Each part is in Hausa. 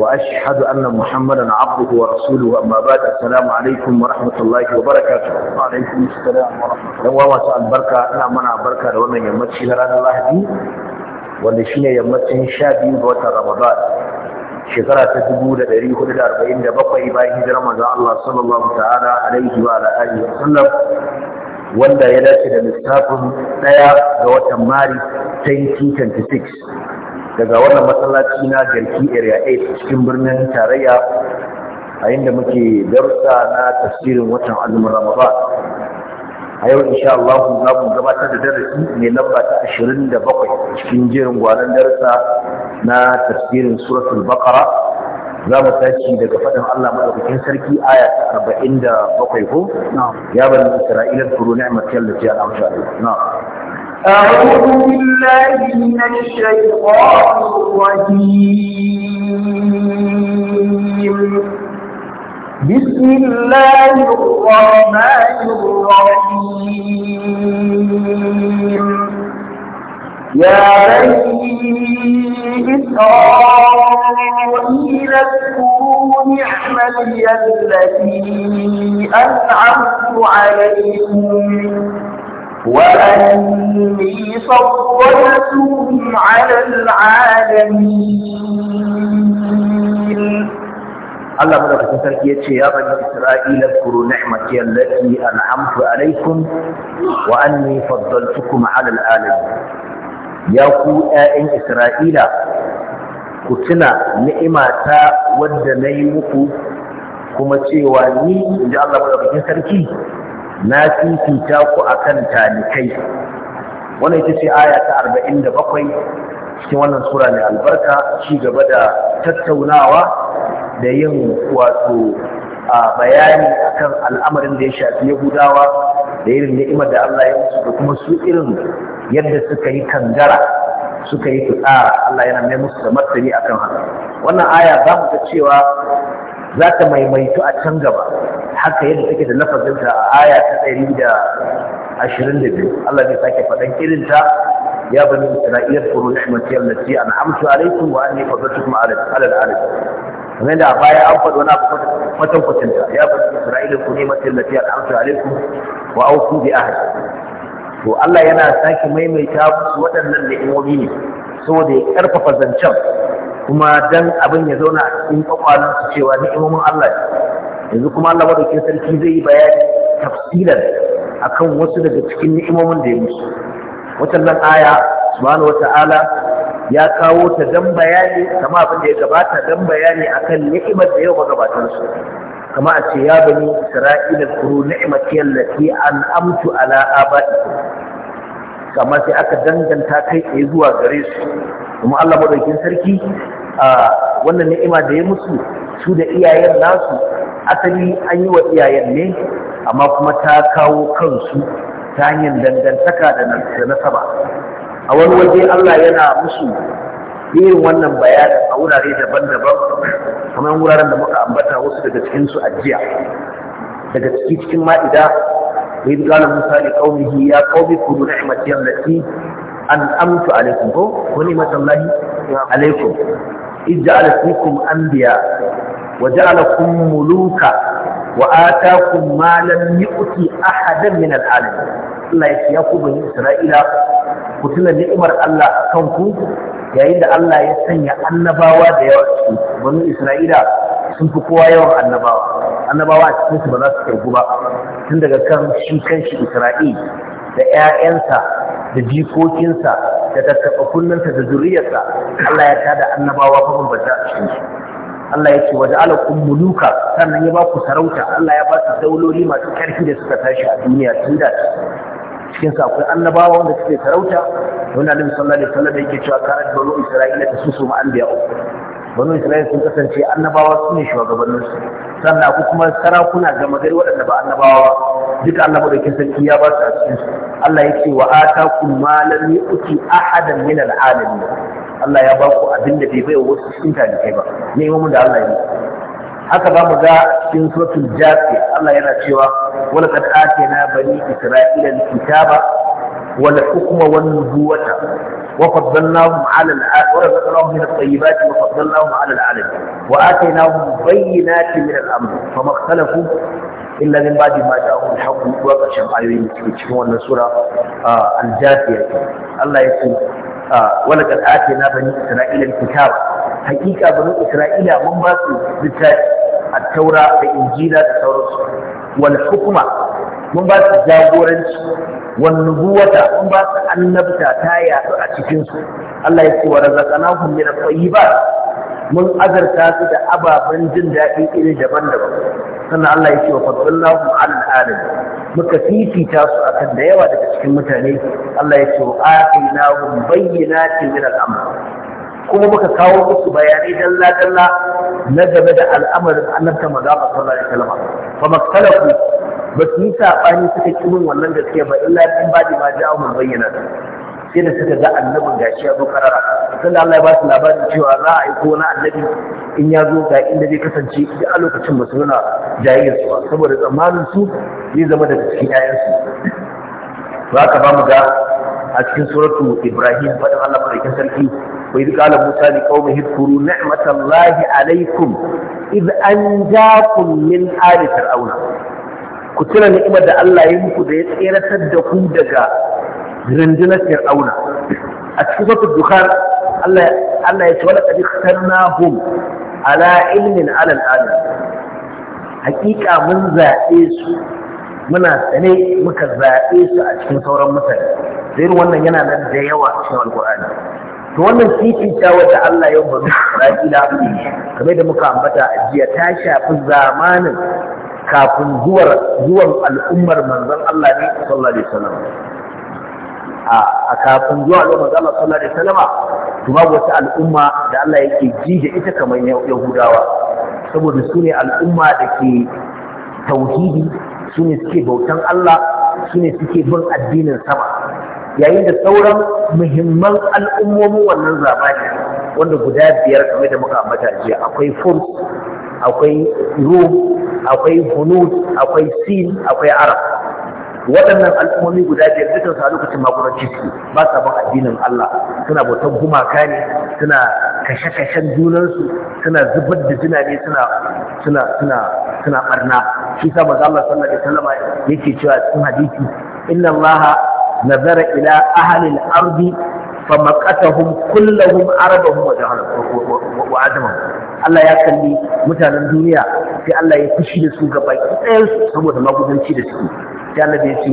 وأشهد أن محمدا عبده ورسوله أما بعد السلام عليكم ورحمة الله وبركاته وعليكم السلام ورحمة الله وبركاته سأل بركة أنا منع بركة لأنه يمتشي لنا الله دي wanda shi ne yammacin sha biyu ga watan ramadan shekara ta dubu da ɗari hudu da arba'in da bakwai bayan hijirar manzon Allah sallallahu ta'ala alaihi wa alihi sallam wanda ya dace da lissafin ɗaya ga watan Mari 2026 daga wannan masallaci na garki area 8 cikin birnin tarayya a inda muke darussa na tasirin watan azumin ramaba a yau insha Allah za mu gabatar da darasi mai lamba ta 27 cikin jerin gwanan darussa na tasirin suratul baqara za mu tashi daga faɗin Allah madaukakin sarki aya ta 47 ko ya bani isra'ila turu ni'mat yallati al'amsha na'am أعوذ بالله من الشيطان الرجيم بسم الله الرحمن الرحيم يا بني إسرائيل اذكروا نعمتي التي أنعمت عليكم وأني فضلتهم على العالمين Allah madaukakin sarki ya ce ya bani Isra'ila kuru ni'mati allati an'amtu alaikum wa anni faddaltukum 'ala al'alamin ya ku yayan Isra'ila ku tuna ni'imata wadda nayi muku kuma cewa ni inji Allah madaukakin sarki na fifita ku akan talikai wannan ita ce aya ta 47 cikin wannan sura mai albarka ci gaba da tattaunawa da yin wato a bayani akan al'amarin da ya shafi yahudawa da irin ni'imar da Allah ya musu da kuma su irin yadda suka yi kangara suka yi fitsara Allah yana mai musu da martani akan haka wannan aya za mu ta cewa za ta maimaitu a can gaba haka yadda take da lafazinta a aya ta ɗari da ashirin da biyu Allah zai sake faɗan irinta ya bani isra'iliyar furu ni'mati allati an'amtu alaikum wa anni fadlatukum ala al-alamin kamar da baya an faɗi wani abu kwatan kwatanta ya bani isra'iliyar furu ni'mati allati an'amtu alaikum wa auku bi ahd to Allah yana sake maimaita musu waɗannan ni'imomi ne saboda ya karfafa zancen kuma dan abin ya zauna a cikin kwakwalon su cewa ni'imomin Allah yanzu kuma Allah madaukin sarki zai yi bayani tafsilan akan wasu daga cikin ni'imomin da ya musu watan nan aya subhanahu wata'ala ya kawo ta dan bayani kama abin da ya gabata dan bayani akan ni'imar da yau gabatar su kama a ce ya bani isra'ila kuru ni'imati allati an'amtu ala abadi kamar sai aka danganta kai tsaye zuwa gare su kuma Allah madaukin sarki a wannan ni'ima da ya musu su da iyayen nasu asali an yi wa iyayen ne amma kuma ta kawo kansu ta hanyar dangantaka da nasaba a wani waje Allah yana musu irin wannan bayanin a wurare daban-daban kamar wuraren da muka ambata wasu daga cikinsu a jiya daga ciki cikin ma'ida وإذ قال موسى لقومه يا قوم اذكروا نعمتي التي أنعمت عليكم ونعمة الله عليكم إذ جعل فيكم أنبياء وجعلكم ملوكا وآتاكم ما لم يؤت أحدا من العالمين الله يسياكم بني إسرائيل kutuna ni'imar Allah a kanku yayin da Allah ya sanya annabawa da yawa cikin banu Isra'ila sun fi kowa yawan annabawa annabawa a cikinsu ba za su kirgu ba tun daga kan shi kanshi isra'il da 'ya'yansa da jikokinsa da tattaɓa kunnansa da zuriyarsa Allah ya tada annabawa mabambanta a cikin su Allah ya ce waje alakun muluka sannan ya ba ku sarauta Allah ya ba su dauloli masu ƙarfi da suka tashi a duniya tun da cikin sa akwai annabawa wanda suke sarauta wanda Annabi sallallahu alaihi wasallam yake cewa karat banu Isra'ila ta susu ma anbiya banu isra'il sun kasance annabawa su ne shugabanninsu sannan akwai kuma sarakuna gama gari waɗanda ba annabawa duka Allah madaukin sarki ya ba su a cikin su Allah ya ce wa atakum ma lam yu'ti ahadan min al'alamin Allah ya ba ku abin da bai baiwa wasu cikin talibai ba ne mu da Allah ya haka za mu ga cikin suratul jafi Allah yana cewa wala qad atina bani isra'ila al-kitaba wal hukma wan nubuwata وفضلناهم على العالم ورزقناهم من الطيبات وفضلناهم على العالم وآتيناهم بينات من الأمر فما اختلفوا إلا من بعد ما جاءهم الحق وقشم آيوين تكتشفون السورة آه الجاثية الله يقول آه ولقد آتينا بني إسرائيل الكتاب حقيقة بني إسرائيل من باسوا بالتالي التوراة والإنجيل والحكمة mun ba su jagoranci wannubuwata mun ba su annabta ta yaɗu a cikinsu Allah ya ce wa razaqnahum min at-tayyibat mun azarta su da ababen jin daɗi iri daban-daban sannan Allah ya ce wa faddalnahum al-alamin muka fifita su akan da yawa daga cikin mutane Allah ya ce wa atainahum bayyinatin min al-amr kuma muka kawo musu bayanai dalla-dalla na game da al'amarin annabta magana sallallahu alaihi wasallam fa maktalaku ba su yi saɓani suka ƙi min wannan gaskiya ba illa in ba ma ja'a mun bayyana sai da suka ga annabin gashi ya zo karara sai Allah ya ba su labarin cewa za a aiko wani annabi in ya zo ga inda zai kasance da a lokacin ba su nuna jayayyar su ba saboda tsammanin su zai zama daga cikin ƴaƴan su ba ka ba mu ga a cikin suratu Ibrahim faɗin Allah madaukakin sarki وإذ قال موسى لقومه اذكروا نعمة الله عليكم إذ أنجاكم من آل فرعون كتنا نعمة الله يمكو دي تيرة الدخول دقا رندنا فرعون أتفوت الدخان الله الله يتولى قد اخترناهم على علم على الآلة حقيقة من ذائس muna sane muka zaɓe su a cikin sauran mutane zai wannan yana nan da yawa cikin alƙur'ani to wannan fifita wata Allah yau banu Isra'ila kamar da muka ambata a jiya ta shafi zamanin kafin zuwar zuwan al'ummar manzon Allah ne sallallahu alaihi wasallam a kafin zuwa al'ummar Allah sallallahu alaihi wasallam to babu wata al'umma da Allah yake ji da ita kamar Yahudawa saboda su ne al'umma da ke tauhidi su ne suke bautan Allah su ne suke bin addinin sama yayin da sauran muhimman al'ummomin wannan zamani wanda guda biyar kamar da muka ambata jiya akwai furs akwai rum akwai hunut akwai sin akwai arab waɗannan al'ummomi guda biyar dukkan su a lokacin magudanci ciki ba sa bin addinin Allah suna bautan gumaka ne suna kashe-kashen junansu suna zubar da tunani suna suna suna suna barna shi sa manzo Allah sallallahu alaihi wasallam yake cewa cikin hadisi inna Allah nazara ila ahalin ardi fa maqatahum kullahum arabahum Allah ya kalli mutanen duniya sai Allah ya fushi da su ga ɗaya su saboda magudanci da suke sai Allah ya ce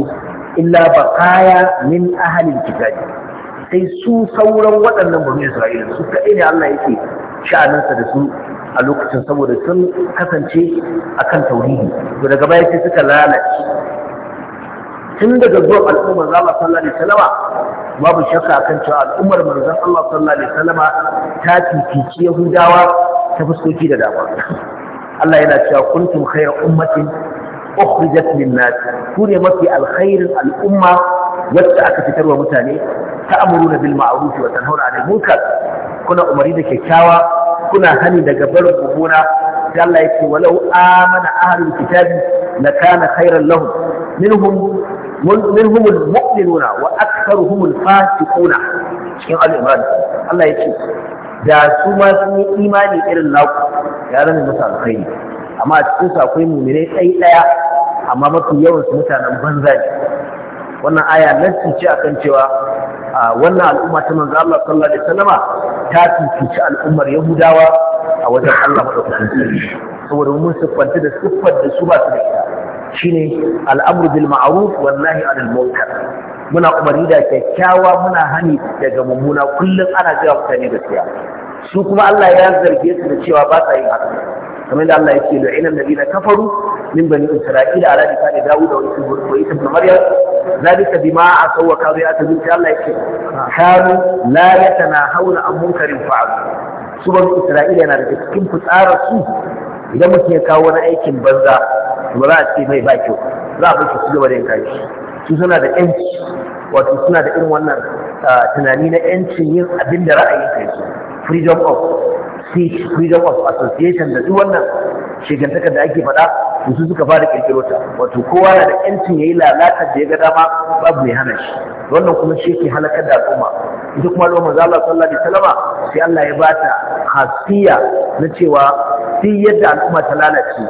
illa baqaya min ahlil kitabi sai su sauran waɗannan bani Isra'ila su kaɗai ne Allah yake sha'aninsa da su a lokacin saboda sun kasance akan tauhidi to daga baya sai suka lalace tun daga zuwan al'ummar Allah sallallahu alaihi wasallama babu shakka kan cewa al'ummar manzon Allah sallallahu alaihi wasallama ta titici Yahudawa ta fuskoki da dama Allah yana cewa kuntum khayra ummatin ukhrijat lin-nas ku ne mafi alkhairin al'umma wacce aka fitarwa mutane ta'muruna bil ma'ruf wa tanhauna 'anil munkar kuna umari da kyakkyawa kuna hani daga barin kubura sai Allah yake walau amana ahlul kitabi lakana khairan lahum minhum منهم المؤمنون واكثرهم الفاسقون cikin al'imran Allah ya ce da su ma sun yi imani irin naku ya zama musu alkhairi amma a cikin su akwai muminai tsayi daya amma mafi yawan su mutanen banza ne wannan aya nassi ce akan cewa wannan al'umma ta manzo Allah sallallahu alaihi wasallama ta fifici al'ummar Yahudawa a wajen Allah madaukakin sarki saboda mun siffanta da siffar da su ba su da ita shine ne bil ma'aruf wallahi nahi muna umarni da kyakkyawa muna hani daga mummuna kullum ana ga mutane gaskiya su kuma Allah ya zarge su da cewa ba sa yi haka kamar da Allah yake lu'ina alladhina kafaru min bani isra'ila ala lisani dawud wa isa ibn maryam zalika bima asaw wa kanu ya'tazun Allah ce kanu la yatanahawna an amunkarin fa'al su Bani isra'ila yana da cikin fitsararsu idan mutum ya kawo wani aikin banza ba za a ce mai ba kyau za a bashi su gaba da yin su suna da yanci wato suna da irin wannan tunani na yancin yin abin da ra'ayin kai su freedom of speech freedom of association da duk wannan shigantakar da ake faɗa su suka fara kirkiro ta wato kowa na da yancin yi lalata da ya ga dama babu mai hana shi wannan kuma shi yake halakar da al'umma ita kuma al'umma za Allah sallallahu alaihi wasallam sai Allah ya bata hasiya na cewa duk yadda al'umma ta lalace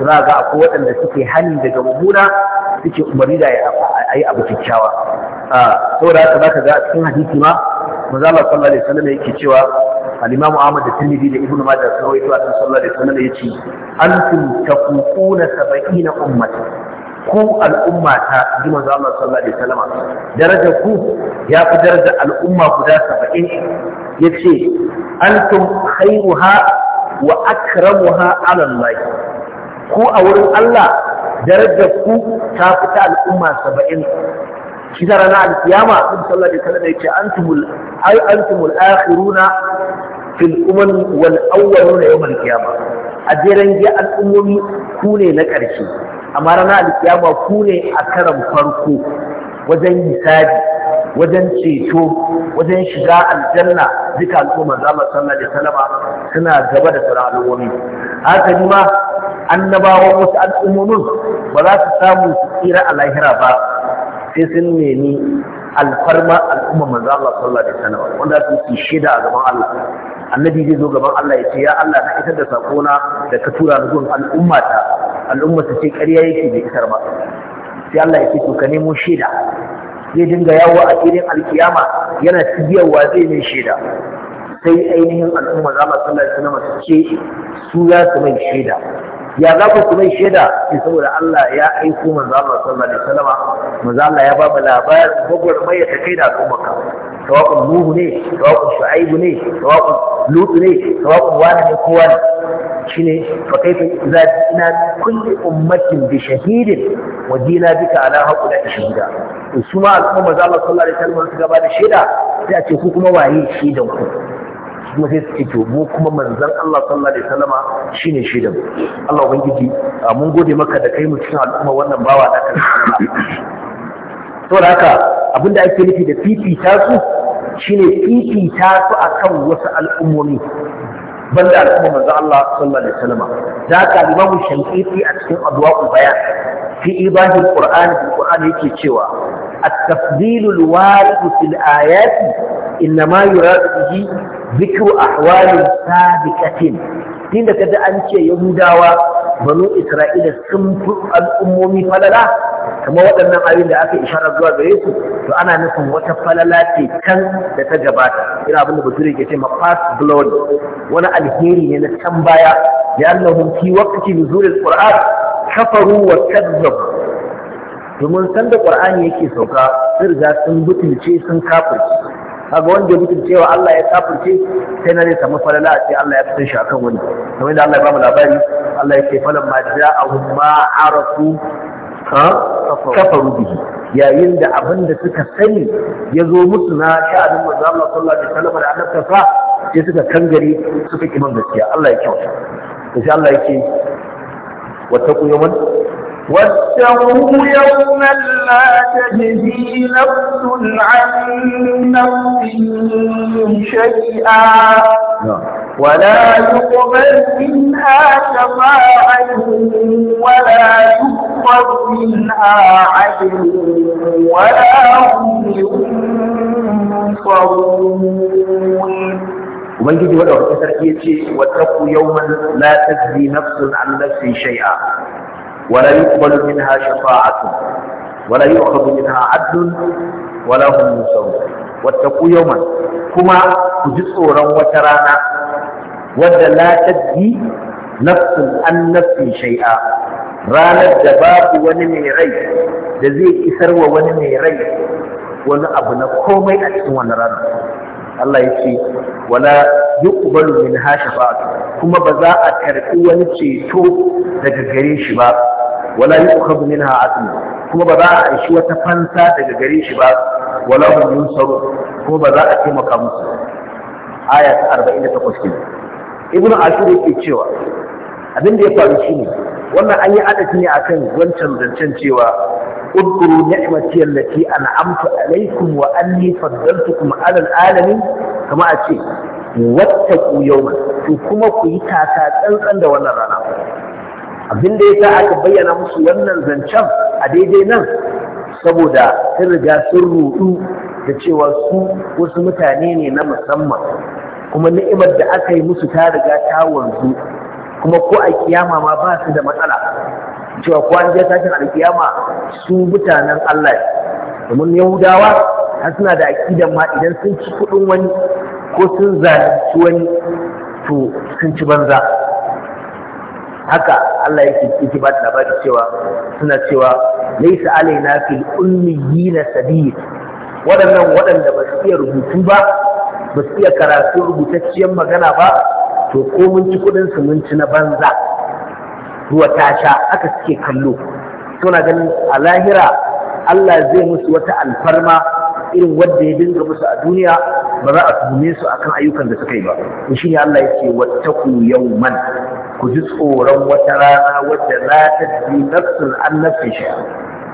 za ga akwai waɗanda suke hani daga mummuna suke umarni da a yi abu kyakkyawa ah, saboda haka za ka ga cikin hadisi ma manzo Allah sallallahu alaihi wasallam yake cewa al-Imam Ahmad da Tirmidhi da Ibn Majah sun rawaito a sallallahu alaihi wasallam yace antum tafuquna 70 ummatan ku al'umma ta ji manzo Allah sallallahu alaihi wasallam daraja ku ya fi daraja al'umma guda 70 yace antum khairuha wa akramuha ala Allah ku a wurin Allah darajar ku ta fita al'umma 70 shi da ranar alkiyama sun sallar da kalmar ya ce antumul ai antumul akhiruna fil umam wal awwaluna yawm alkiyama a jeren ga al'ummomi ku ne na ƙarshe amma ranar alkiyama ku ne a karan farko wajen hisabi wajen ceto wajen shiga aljanna duka al'umma za mu sallar da salama suna gaba da sauran al'ummomi haka ma annabawan wasu al'ummomin ba za su samu su tsira a lahira ba sai sun nemi alfarma al'umma manzo Allah sallallahu alaihi wasallam wanda su ke shida a gaban Allah annabi zai zo gaban Allah ya ce ya Allah na isar da na da ka tura ni gun al'ummata al'umma ta ce ƙarya yake bai isar ba sai Allah ya ce to ka nemo shida zai dinga yawo a filin alkiyama yana tibiyarwa zai ne shida sai ainihin al'umma za Allah sallallahu alaihi wasallam su ce su ya su mai shida ya za ku kuma shaida ne saboda Allah ya aiko manzo Allah sallallahu alaihi wasallam manzo Allah ya ba mu labarin gwagwarmaya ta kai da al'ummarka sawa'un Nuhu ne sawa'un Shu'aibu ne sawa'un Lutu ne sawa'un wani ne kowa ne shine fa kaifa idza ina kulli ummatin bi shahidin wa jina bika ala haqqi shahida to su ma al'umma manzo Allah sallallahu alaihi wasallam su gaba da shaida sai a ce ku kuma waye shaidan ku kuma sai suke to kuma manzan Allah sallallahu alaihi wasallama shine shaidan Allah ubangiji mun gode maka da kai mu cikin al'umma wannan bawa da kan da haka abinda ake nufi da ta su shine ta su akan wasu al'ummomi banda al'umma manzan Allah sallallahu alaihi wasallam da haka Imam shankifi a cikin Adwa'ul Bayan fi ibadil Qur'an Qur'an yake cewa التفضيل الوارد في الآيات إنما يراد به ذكر أحوال سابقة tun da kada an ce yahudawa banu isra'ila sun fi al'ummomi falala kama waɗannan abin da aka ishara zuwa gare su to ana nufin wata falala ce kan da ta gabata ina abin da bature ke ce ma past blood wani alheri ne na can baya da annahum fi waqti nuzul al-qur'an domin san da qur'ani yake sauka sun riga sun butulce sun kafirce kaga wanda ya butulce wa Allah ya kafirce sai na zai samu falala a ce Allah ya fitar shi akan wani kamar yadda Allah ya bamu labari Allah ya ce falan ma a ma arafu ha kafaru bihi yayin da abin da suka sani ya zo musu na sha'anin manzo Allah sallallahu alaihi wasallam da annabta fa sai suka kangare suka kiman gaskiya Allah ya kyauta to sai Allah yake wattaqu yawman واتقوا يوما لا تجزي نفس عن نفس شيئا نعم. ولا يقبل منها شفاعة ولا يقبل منها عدل ولا هم ينصرون Ubangiji wadda wata sarki ya ce, Wata ku yau man la tajzi nafsun an ولا يقبل منها شفاعة ولا يؤخذ منها عدل ولا هم ينصرون واتقوا يوما كما كجسورا وترانا ودى لا تدي نفس عن نفس شيئا ranar da babu wani mai rai da zai isar wa wani mai rai wani abu na komai a cikin wani ranar Allah ya ce wala yuqbalu min ha shafa'a kuma ba za a karɓi wani ceto daga gare shi ba wala yuqbalu min ha asmi kuma ba za a aishi wata fansa daga gare shi ba wala hum yunsaru kuma ba za a taimaka musu aya ta 48 kenan ibnu ashur yake cewa abin da ya faru shine wannan an yi adadi ne akan wancan zancen cewa اذكروا نعمتي التي أنعمت عليكم وأني فضلتكم على العالمين كما أتي واتقوا يوما كما كيتا تاتن da wannan rana abin da yasa aka bayyana musu wannan zancen a daidai nan saboda sun riga sun rudu da cewa su wasu mutane ne na musamman kuma ni'imar da aka yi musu ta riga ta wanzu kuma ko a kiyama ma ba su da matsala cewa ko an je tashin alkiyama su mutanen Allah domin yahudawa har suna da aƙidan ma idan sun ci kuɗin wani ko sun zaci wani to sun ci banza haka Allah yake yake ba bada cewa suna cewa laisa alaina fil ummiyina sabil waɗannan waɗanda ba su iya rubutu ba ba su iya karatu rubutacciyar magana ba to ko mun ci kuɗin su mun ci na banza ruwa ta sha aka suke kallo suna ganin a lahira Allah zai musu wata alfarma irin wadda ya dinga musu a duniya ba za a tuhume su akan ayyukan da suka yi ba to Allah yake ce yawman ku ji tsoron wata rana wadda za ta ji nafsun an nafsin shi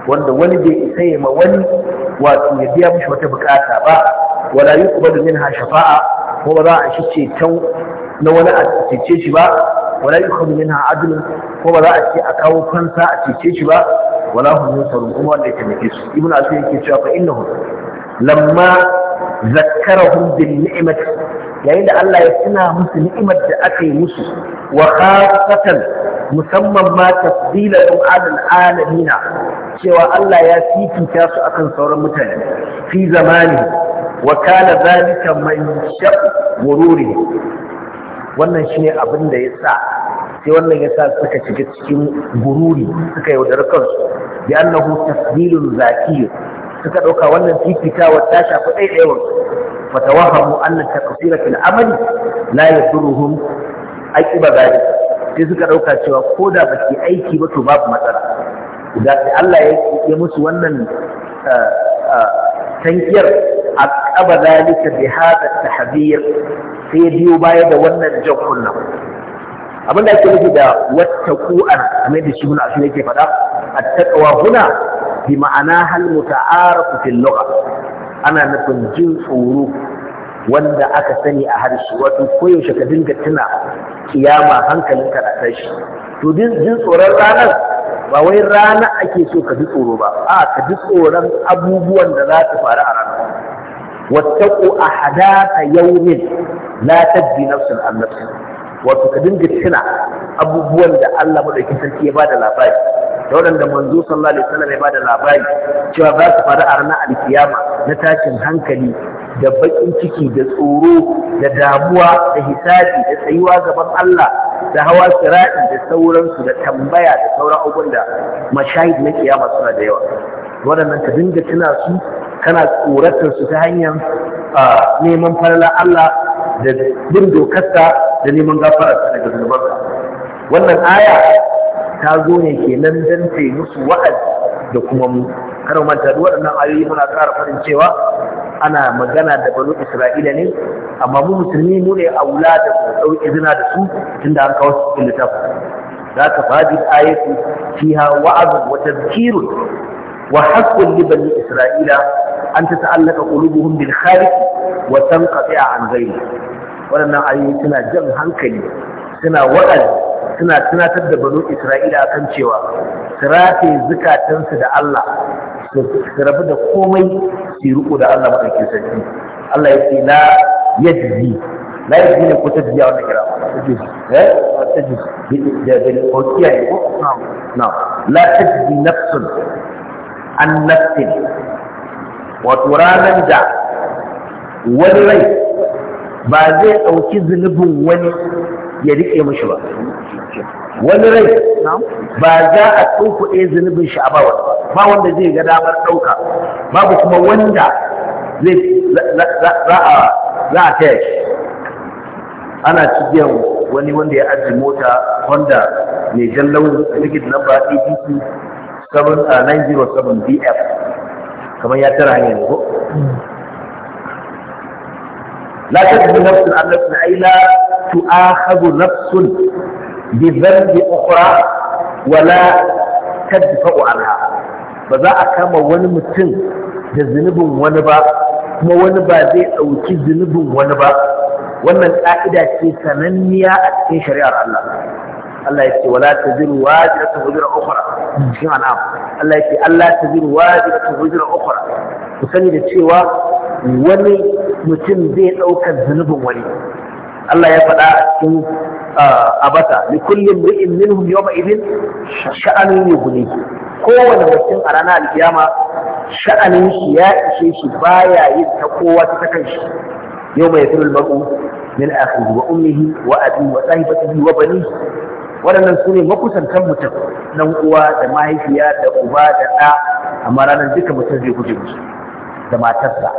wanda wani bai isa ya ma wani wato ya biya mishi wata bukata ba wala yuqbalu minha shafa'a ko ba za a shi ceton na wani a cece shi ba wala yukhadu minha adl ko ba za a ce a kawo kansa a cece shi ba wala hum yunsarun kuma wanda ya taimake su ibnu asir yake cewa fa innahum lamma zakkarahum bin ni'mati yayin da Allah ya tuna musu ni'imar da aka yi musu wa khasatan musamman ma tafdilatum alal alamina cewa Allah ya fifita su akan sauran mutane fi zamani wa kana zalika man shaq wururi wannan shine abin da ya sa sai wannan ya sa suka shiga cikin gururi suka yaudar kansu bi annahu tasbilun zaki suka dauka wannan fifitawa ta shafi ɗaiɗaiwar fatawahamu anna taqsira fil amali la yadurruhum aqiba sai suka dauka cewa ko da baki aiki ba to babu matsala da Allah ya musu wannan eh, eh, tankiyar aqaba zalika bi hada tahbir sai biyo baya da wannan jan kunna abin da ake nufi da wattaku an kamar da shi mun yake faɗa attaqwa huna bi ma'ana hal muta'arafu fil lugha ana nufin jin tsoro wanda aka sani a harshe wato koyaushe ka dinga tuna kiyama hankalin ka tashi to jin tsoron ranar ba wai rana ake so ka ji tsoro ba a ka ji tsoron abubuwan da za su faru a ranar wattaqu ahdatha yawmin la tajzi nafsun an nafsin wato ka dinga tuna abubuwan da Allah madaukakin sarki ya bada labari da waɗanda manzo sallallahu alaihi wasallam ya bada labari cewa za su faru a ranar alkiyama na tashin hankali da bakin ciki da tsoro da damuwa da hisabi da tsayuwa gaban Allah da hawa sira'i da sauransu da tambaya da sauran abubuwan da mashahid na kiyama suna da yawa waɗannan ka dinga tuna su kana tsoratar su ta hanyar neman farla Allah da bin dokarsa da neman gafararsa daga zunubanka wannan aya ta zo ne kenan dan ta yi musu wa'azi da kuma mu karo manta duk waɗannan ayoyi muna ƙara farin cewa ana magana da banu Isra'ila ne amma mu musulmi mu ne aula da ɗau izina da su tunda an kawo su cikin littafi za ka fadi ayatu fiha wa'azun wa tadhkirun wa haqqun li bani Isra'ila an ta ta'allaka qulubuhum bil khaliq wa tanqati'a an ghayri waɗannan ayoyi suna jan hankali suna wa'azi suna tunatar da banu Isra'ila kan cewa sirafe zukatansu da Allah su rabu da komai su riko da Allah madaukakin sarki Allah ya ce la yajzi la yajzi ne ko tajziya wannan kira tajzi eh tajzi da da ko kiyaye ko na la tajzi nafsun an nafsin wato ranar da wani rai ba zai ɗauki zunubin wani ya riƙe mashi ba wani rai ba za a ɗaukuɗe zunubin shi a ba ba wanda zai ga damar ɗauka babu kuma wanda zai za a taya shi ana cikin wani wanda ya ajiye mota wanda mai jan launin likit na ba adp 907 bf kamar ya tara hanyar ne ko la tadri nafsun an nafsun ay la tu'akhadhu nafsun bi dhanbi ukhra wa la tadfa'u anha ba za a kama wani mutum da zunubin wani ba kuma wani ba zai ɗauki zunubin wani ba wannan ƙa'ida ce sananniya a cikin shari'ar Allah Allah ya ce wala taziru ta hujira ukhra cikin an'am Allah ya ce Allah taziru ta hujira ukhra ku sani da cewa wani mutum zai ɗaukar zunubin wani Allah ya faɗa a cikin abata li kulli imri'in minhum yawma idin sha'anun yughni kowane mutum a ranar alkiyama sha'anin shi ya ishe shi baya yin ta kowa ta kan shi yawma yafirul mar'u من أخيه وأمه وأبيه wa وبنيه waɗannan su ne makusantan mutum nan uwa da mahaifiya da uba da ɗa amma ranar duka mutum zai guje musu da matarsa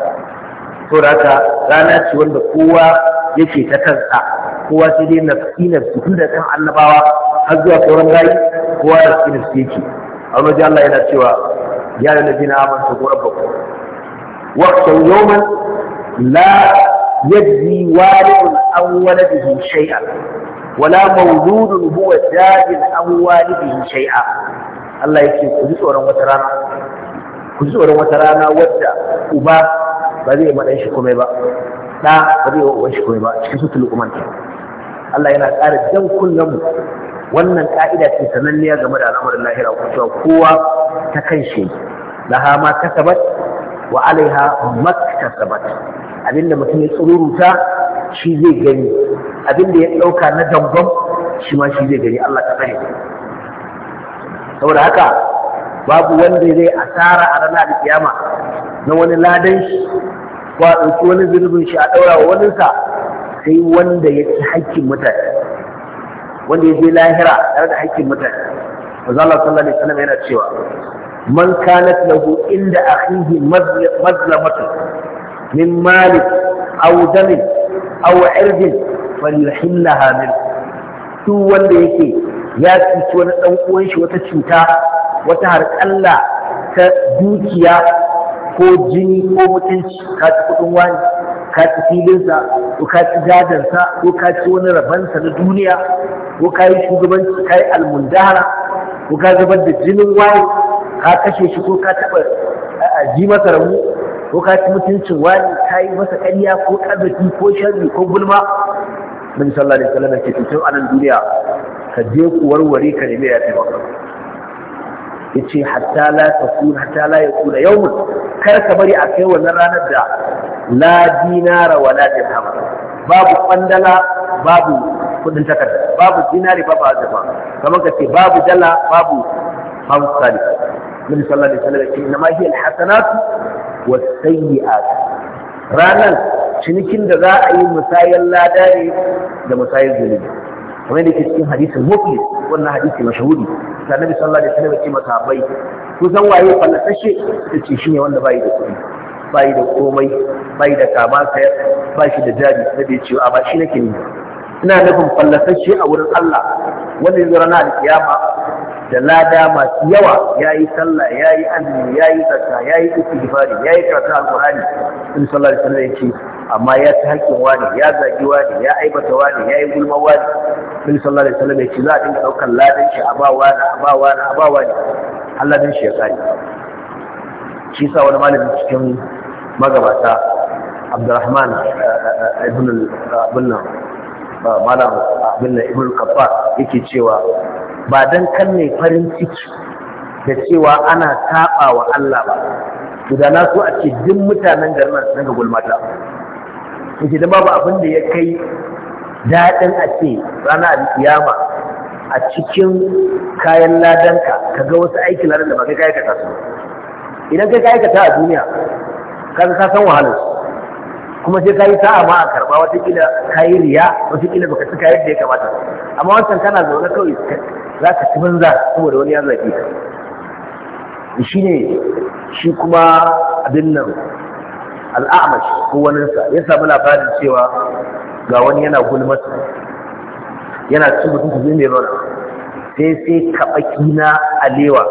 to da haka rana ce wanda kowa yake ta kansa kowa sai dai na tsinar su tun da kan annabawa har zuwa sauran rayu kowa da tsinar su yake a wani Allah yana cewa ya da nabi na amanta ko rabba ku waqtan yawman la yajzi walidun an waladihi shay'an wala mawludun huwa jadin an walidihi shay'a Allah yake ku ji tsoron wata rana ku ji tsoron wata rana wadda uba ba zai madan shi komai ba da ba zai wa shi komai ba cikin sutul umman Allah yana ƙara jan kullum mu wannan ka'ida ce sananniya game da al'amarin lahira ku cewa kowa ta kan shi laha ma kasabat wa alaiha maktasabat Abin da mutum ya tsururuta shi zai gani Abin da ya ɗauka na dangon shi ma shi zai gani Allah ta tsare saboda haka babu wanda zai asara a ranar kiyama na wani ladan shi ko a ɗauki wani zurbin shi a ɗaura wa waninsa sai wanda ya ci haƙƙin mutane wanda ya je lahira tare da haƙƙin mutane manzo Allah sallallahu alaihi wasallam yana cewa man kanat lahu inda akhihi mazlamatu min malik aw damin aw irdin falyuhillaha min duk wanda yake ya cuci wani dan uwan wata cuta wata harƙalla ta dukiya ko jini ko mutunci ka ci kudin wani ka ci filinsa ko ka ci gadansa ko ka ci wani rabansa na duniya ko ka yi shugabanci ka yi almundara ko ka zubar da jinin waye, ka kashe shi ko ka taɓa ji masa ramu ko ka ci mutuncin wani ta yi masa ƙarya ko ƙazafi ko sharri ko gulma nabi sallallahu alaihi wasallam ke tutun anan duniya ka je ku warware ka nemi ya taimaka yace hatta la takun hatta la yakuna yawm kar ka bari a kai wannan ranar da la dinara wala dirham babu kwandala babu kudin takarda babu dinari babu azaba kamar ka ce babu dala babu hamsali nabi sallallahu alaihi wasallam ya ce inma hiya alhasanat wasayyi'at ranan cinikin da za a yi musayar lada ne da musayar zunubi kamar da ke cikin hadisin muflis wannan hadisi mashahudi ta nabi sallallahu alaihi wasallam ya ce masahabai ku san waye fallasashe ta ce shine wanda bai da kuɗi bai da komai bai da kama kaya ba shi da jari da bai ce a ba shi nake ni. ina nufin fallasashe a wurin Allah wanda zai rana da kiyama da lada masu yawa ya yi sallah ya yi azumi ya yi zaka ya yi istighfari ya yi karatu alqur'ani in sallar sallar yake amma ya ta hakkin wani ya zagi wani ya aibata wani ya yi gulma wani in sallar sallar yake za a dinga daukar ladan shi a ba wani a ba wani a ba wani Allah din shi ya kare shi sa wani malami cikin magabata Abdurrahman eh, eh, eh, ibn al-Abdullah malam ibn al-Qaffar yake cewa ba don kalle farin ciki da cewa ana saba wa Allah ba Gudana su a ce duk mutanen garin nan sun ga gulmata yake da babu abin da ya kai daɗin a ce rana alkiyama a cikin kayan ladanka ka ga wasu aikin ladan da ba kai ka aikata su idan kai ka aikata a duniya ka ka san wahalar kuma sai ka yi sa'a ma a karɓa kila ka yi riya kila baka cika yadda ya kamata amma wancan kana zaune kawai za ka ci banza saboda wani ya zage ka shi ne shi kuma abin nan al'amash ko waninsa ya samu labarin cewa ga wani yana gulmata yana cin mutum zai mai rana sai sai kina na alewa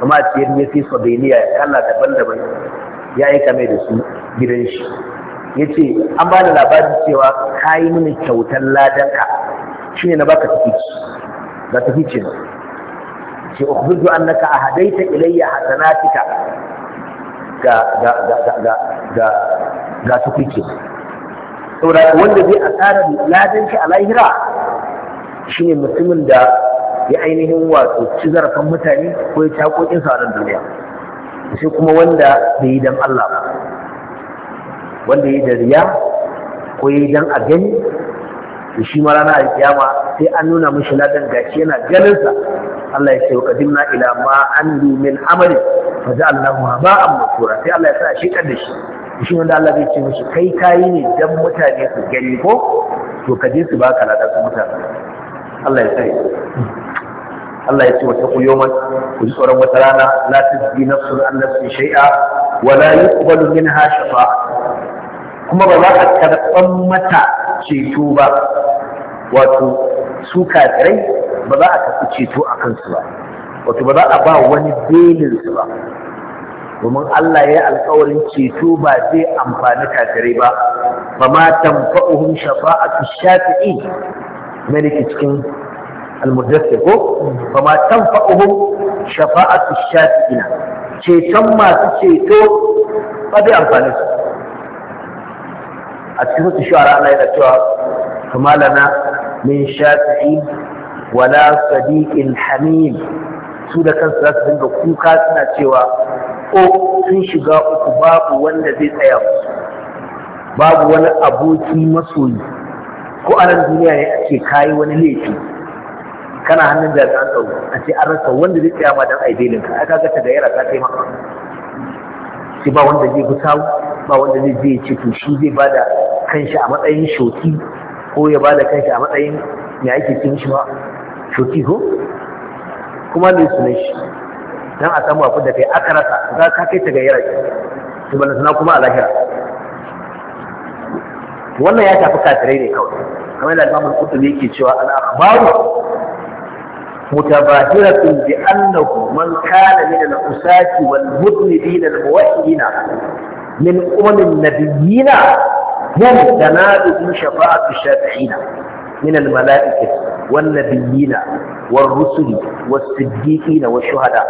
kuma a ciyar ya sai sabeniya ya kalla daban-daban ya aika kame da su gidan shi ya ce an ba da labarin cewa ka yi mini kyautar ladanka shi ne na baka tafi ba ta fice ba ce ukhudu annaka ahadaita ilayya hasanatika ga ga ga ga ga ga ga ta fice saboda wanda zai asara ladan shi a lahira shine mutumin da ya ainihin wato ci zarafin mutane ko ya ci sa a duniya sai kuma wanda bai yi dan Allah ba wanda ya yi da riya ko ya yi dan a to shi ma rana alkiyama sai an nuna mishi ladan gashi yana ganin sa Allah ya ce wa qadimna ila ma amilu min amali fa ja'alnahu haba'an mansura sai Allah ya sa shi da shi shi wanda Allah zai ce mishi kai kayi ne dan mutane su gani ko to ka je su baka ladan su mutane Allah ya sai Allah ya ce wa taqu yawman ku ji tsoron wata rana la tajzi nafsun an nafsin shay'a wa la yuqbalu minha shafa'a kuma ba za a karɓan mata ceto ba wato su kafirai ba za a karɓi ceto a kansu ba wato ba za a ba wani belinsu ba domin Allah ya yi alkawarin ceto ba zai amfani kafirai ba ba ma tamfa'uhum shafa'atu shafi'i maliki cikin almudassir ko ba ma tamfa'uhum shafa'atu shafi'ina ceton masu ceto ba zai amfani su a cikin sautin shawara Allah yana cewa kuma lana min shafi'i wala sadiqin hamim su da kansu za su dinga kuka suna cewa ko oh, sun shiga uku babu wanda zai tsaya babu wani aboki masoyi ko a nan duniya ne ake kayi wani laifi kana hannun da an tsaro a ce an rasa wanda zai tsaya ma dan aibelin ka aka ga ta gayyara ta kai maka shi ba wanda zai fi samu ba wanda zai je ce to shi zai bada kanshi a matsayin shoti ko ya bada kanshi a matsayin me ake cin shi ba shoti ko kuma ne sunan shi dan a samu abin da kai aka rasa za ka kai ta ga yara to balla sana kuma a lahira wannan ya tafi kafirai ne kawai kamar da Imam Al-Qurtubi yake cewa al-akhbaru متباهرة بأنه من كان من العساة والمذنبين الموحدين min umamin nabiyina hum tanadu shafa'atu shafi'ina من الملائكة والنبيين والرسل والصديقين والشهداء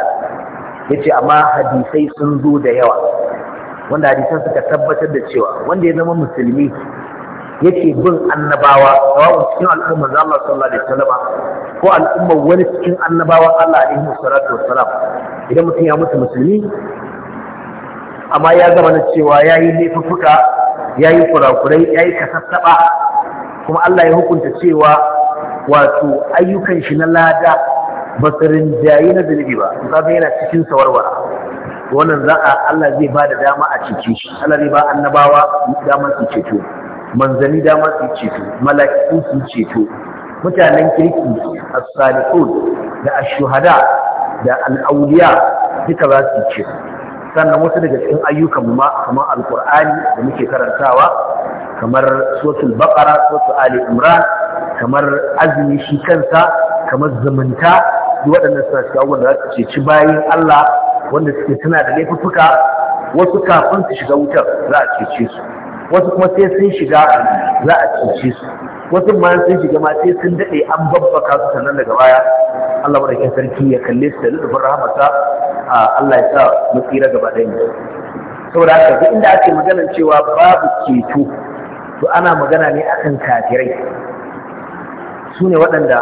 yace amma hadisai sun zo da yawa wanda hadisan suka tabbatar da cewa wanda ya zama musulmi yake bin annabawa sawa'un cikin al'ummar Allah sallallahu alaihi wasallam ko wani cikin annabawan Allah alaihi wasallatu idan mutum ya mutu musulmi amma ya zama na cewa ya yi laifuffuka ya yi kurakurai ya yi kasassaɓa kuma Allah ya hukunta cewa wato ayyukan shi na lada ba su rinjayi na zunubi ba zama yana cikin sawarwara wannan za a Allah zai ba da dama a cece shi Allah zai ba annabawa damar su ceto Manzani dama su ceto mala'iku su ceto mutanen kirki as-salihun da ash-shuhada da al-awliya duka za su ceto sannan wasu daga cikin ayyukan mu ma kamar alqur'ani da muke karantawa kamar suratul baqara suratul ali imran kamar azumi shi kansa kamar zumunta duk waɗannan suna cikin abubuwan da za su ceci bayan Allah wanda suke tana da laifuffuka wasu kafin su shiga wutar za a cece su wasu kuma sai sun shiga za a cece su wasu ma sun shiga ma sai sun daɗe an babbaka su sannan daga baya Allah madaukakin sarki ya kalle su da lutufin rahamarsa Allah ya sa mu tsira gaba ɗaya saboda haka duk inda ake magana cewa babu ceto to ana magana ne akan kafirai su ne waɗanda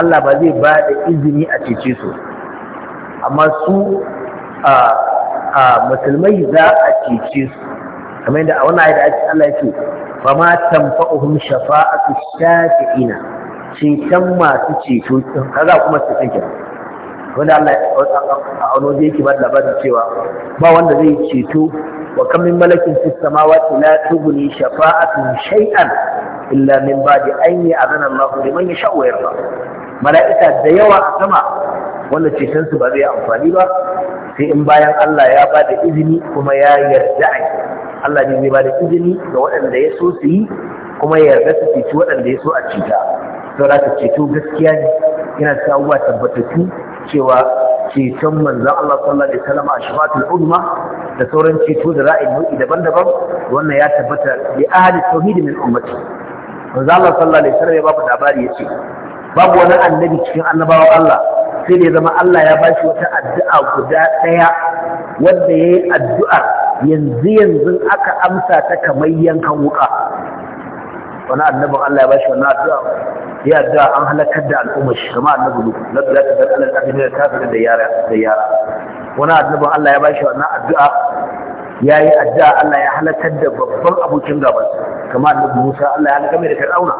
Allah ba zai ba da izini a cece su amma su a musulmai za a cece su kamar yadda a wannan ayat Allah ya ce ba ma tanfa'uhum shafa'atu shafi'ina ceton masu ceto kaza kuma su kanke wanda Allah a wani waje yake bada labarin cewa ba wanda zai ceto wa kam min malakin fis samawati la tughni shafa'atun shay'an illa min ba'di an ya'zana Allahu liman yasha'u wa yarda mala'ika da yawa a sama wanda ceton su ba zai amfani ba sai in bayan Allah ya bada izini kuma ya yarda ai Allah ne zai bada izini ga waɗanda ya so su yi kuma ya yarda su ceci waɗanda ya so a cita saboda ceto gaskiya ne yana sa abubuwa tabbatattu cewa ceton manzan Allah sallallahu alaihi wasallam a shafatul uzma da sauran ceto da ra'ayi nau'i daban-daban wannan ya tabbata bi ahli tauhid min ummati manzan Allah sallallahu alaihi wasallam ya babu labari yace babu wani annabi cikin annabawan Allah sai da ya zama Allah ya bashi wata addu'a guda daya wanda yayi addu'a yanzu yanzu aka amsa ta kamar yankan wuka wani annabin Allah ya bashi wannan addu'a ya addu'a an halakar da al'ummar shi kamar annabi lu la ta da alal kafir da kafir da yara da yara wani annabin Allah ya bashi wannan addu'a yayi addu'a Allah ya halakar da babban abokin gaban kamar annabi Musa Allah ya halakar da Fir'auna